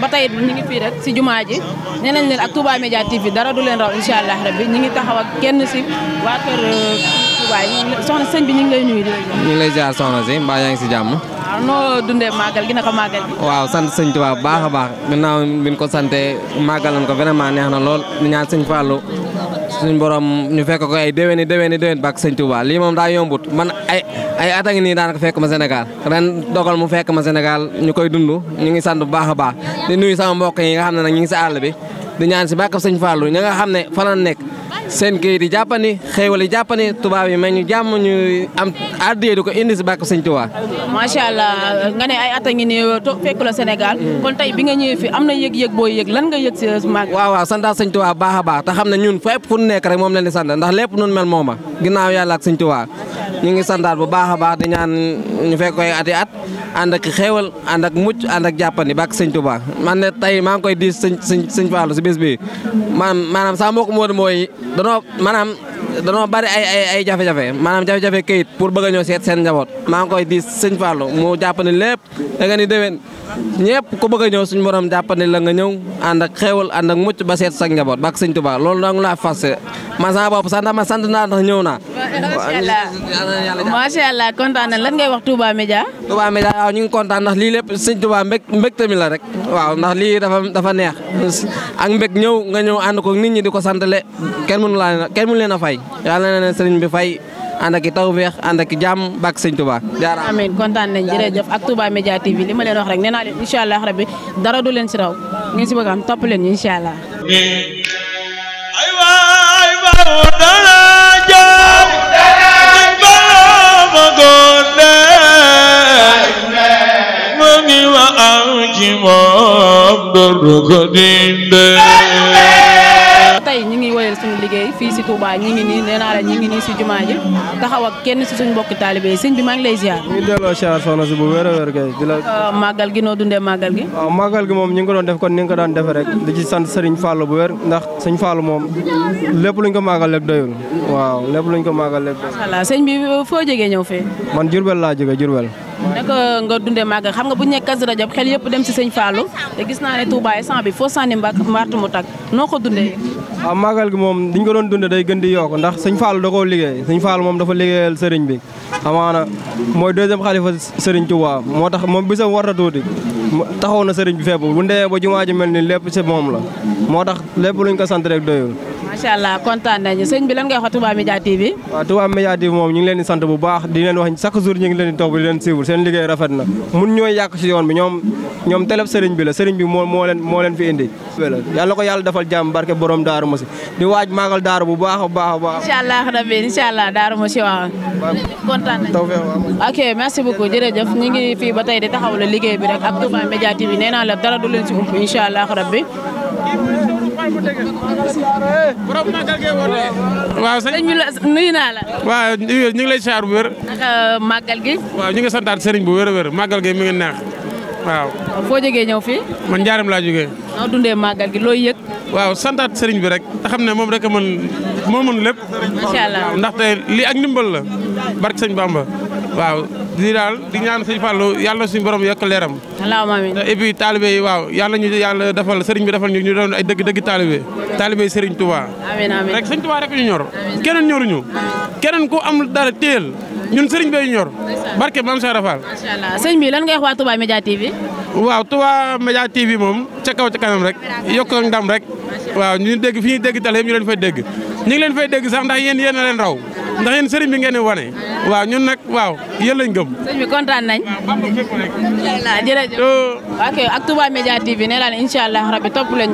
ba tey ñu ngi fii rek si jumaa ji nee nañ leen ak Touba Média TV dara du leen raw incha allah rabbi ñu ngi taxaw ak kenn si waa kër euh, Touba yi soxna sëñ bi ñu ngi lay nuyu di la ñu ngi lay ziar si mbaa yaa ngi si jàmm waaw noo dundee màggal gi naka màggal gi. waaw sant sëñ Tuubaa bu baax a baax gannaaw bi ñu ko santee màggalan ko vraiment neex na lool ñu ñaan sëñ Fallou suñ borom ñu fekk ko ay déwéni déwéni déwén bak sëñ Tuubaa lii moom daa yombut man ay ay at a ngi nii daanaka fekk ma senegal ren dogal mu fekk ma Sénégal ñu koy dund ñu ngi sant bu baax a baax di nuyu sama mbokk yi nga xam ne nag ñu ngi si àll bi. di ñaan si bàkkab sëñ Fallou ña nga xam ne fa nekk seen kayit yi jàppandi xéewal yi jàppandi tubaab yi mais ñu jàmm ñu am addiyee di ko indi si bàkkab sëñ Tuubaa macha allah nga ne ay at a ngi ni toog fekk la mm. kon tey bi nga ñëwee fi am na yëg-yëg boo yég lan nga yëg si mag waaw waaw santaa sëñ Tuubaa baax a baax te xam ne ñun fépp fu nekk rek moom leen di sant ndax lépp nun mel mooma ginnaaw yàlla ak sëñ Tuubaa ñu ngi santaat bu baax a baax di ñaan ñu fekk koy ati at ànd ak xéewal ànd ak mucc ànd ak jàppandi bàkk sëñ Tuubaa man ne tey maa ngi koy diis sëñ sëñ sëñ Fallou si bés bi maanaam maanaam saa moo mooy danoo maanaam danoo bari ay ay ay jafe-jafe maanaam jafe-jafe kayit pour bëgg ñëw seet seen njaboot maa ngi koy diis sëñ Fallou mu jàppandi lépp da nga ni déwén ñëpp ku bëgg a ñëw suñu borom jàppandi la nga ñëw ànd ak xéewal ànd ak mucc ba seet sa njaboot bàkk sëñ Tuubaa loolu dong man sama bopp sant ma sant naa ndax ñëw naa. macha allah kontaan na lan ngay wax Touba Média. Touba Média waaw ñu ngi kontaan ndax lii lépp sëñ Touba mbég mbégte mi la rek. waaw ndax lii dafa dafa neex ak mbég ñëw nga ñëw ànd ko nit ñi di ko santale kenn mënu laa kenn mu leen a fay yàlla na leen bi fay. ànd ki i taw weex ànd ak i jàmm bàkk sëñ Touba. jaaraama amiin kontaan nañ jërëjëf ak Touba Média TV li ma leen wax rek nee naa leen incha allah rabi dara du leen si raw ngeen si bëgg am topp leen incha allah. tey ñu ngi woyal suñu liggéey fii si Touba ñu ngi nii nee naa la ñu nii si jumaa ji taxaw ak kenn si suñu mbokki taalibe bi maa ngi lay ziar. ñu ngi delloo ziar soxna si bu wér a wér kay euh, gi noo dundee màggal gi. waaw gi moom ñu ngi ko doon def kon ni nga ko daan defee rek di ci sant Serigne Fallou bu wer ndax sëñ Fallou moom lépp luñ ko màggal rek doyul waaw lépp luñ ko màggal rek doyul. macha bi euh, foo jógee ñëw fee. man Diourbel laa jógee Diourbel naka nga dundee màgg xam nga bu ñu nekk Kazu xel yëpp dem si sëñ Fallou te gis naa ne Touba sant bi foo sànni mbàkk mbaatu mu tag noo ko dundee. waaw ah, màggal gi moom diñ ko doon dundee day gën di yokk ndax sëñ Fallou da koo liggéey sëñ Fallou moom dafa liggéeyal sëriñ bi amaana mooy deuxième xalifa sëriñ Touba moo tax moom bisam war na tuuti taxaw na sëriñ bi feebu bu ndee ba jumaa ji mel ni ci mom la motax lepp luñ ko sant rek doyo machallah contane kontaan nañu sëñ bi lan ngay wax Touba Média TV wa Touba media TV mom ñu ngi leen di sant bu baax di leen wax chaque jour ñu ngi leen di top di leen suivre seen liggéey rafet na mun ñoy yak ci yoon bi ñom ñom teleb serigne bi la serigne bi mo mo leen mo leen fi indi yalla ko yalla defal jàmm barke borom daaru mosi di waj magal daaru bu baax baax baax inshallah rabbi incha allah mosi wa kontaan nañu ok merci beaucoup jeuf ñi ngi fi batay di taxaw la liggéey bi rek abdou Touba Média TV nee naa la dara du leen si ëpp incha allah rabbi. waaw sëñ bi la nuyu naa la. waaw ñu ngi bu wér. naka euh, gi. waaw ñu santaat sëriñ bu wér a wér màggal gi mi ngi neex waaw. foo jógee ñëw fii. man njaaram laa jógee. noo dundee màggal gi looy yëg. waaw santaat sëriñ bi rek te xam ne moom rek a mën moo mën ndaxte lii ak ndimbal la barke sëñ Bamba waaw. di daal di ñaan sëñ Fallou yàlla suñu borom yokk leeram. allahumma amiin taalibe yi waaw yàlla ñu yàlla defal sëriñ bi defal ñu ñu doon ay dëgg dëgg taalibe. taalibe sëriñ Touba. amiin amiin rek sëñ Touba rek ñu ñor. keneen ñoruñu. keneen ku am dara téyel ñun sëriñ bay ñor. barke maam sa Rafal. macha sëñ bi lan nga wax waa Touba Média TV. waaw Touba Média TV moom ca kaw ca kanam rek yokk ak ndam rek. waaw ñu dégg fi ñuy dégg tal yëpp ñu leen fay dégg ñu leen fay degg sax ndax yéen yéen a leen raw ndax yéen sëriñ bi ngeen di wane waaw ñun nag waaw yéen lañ gëm. sëñ bi kontaan nañ. waaw jërëjëf. Euh, ok ak Touba Média TV nee naa leen incha allah rabi topp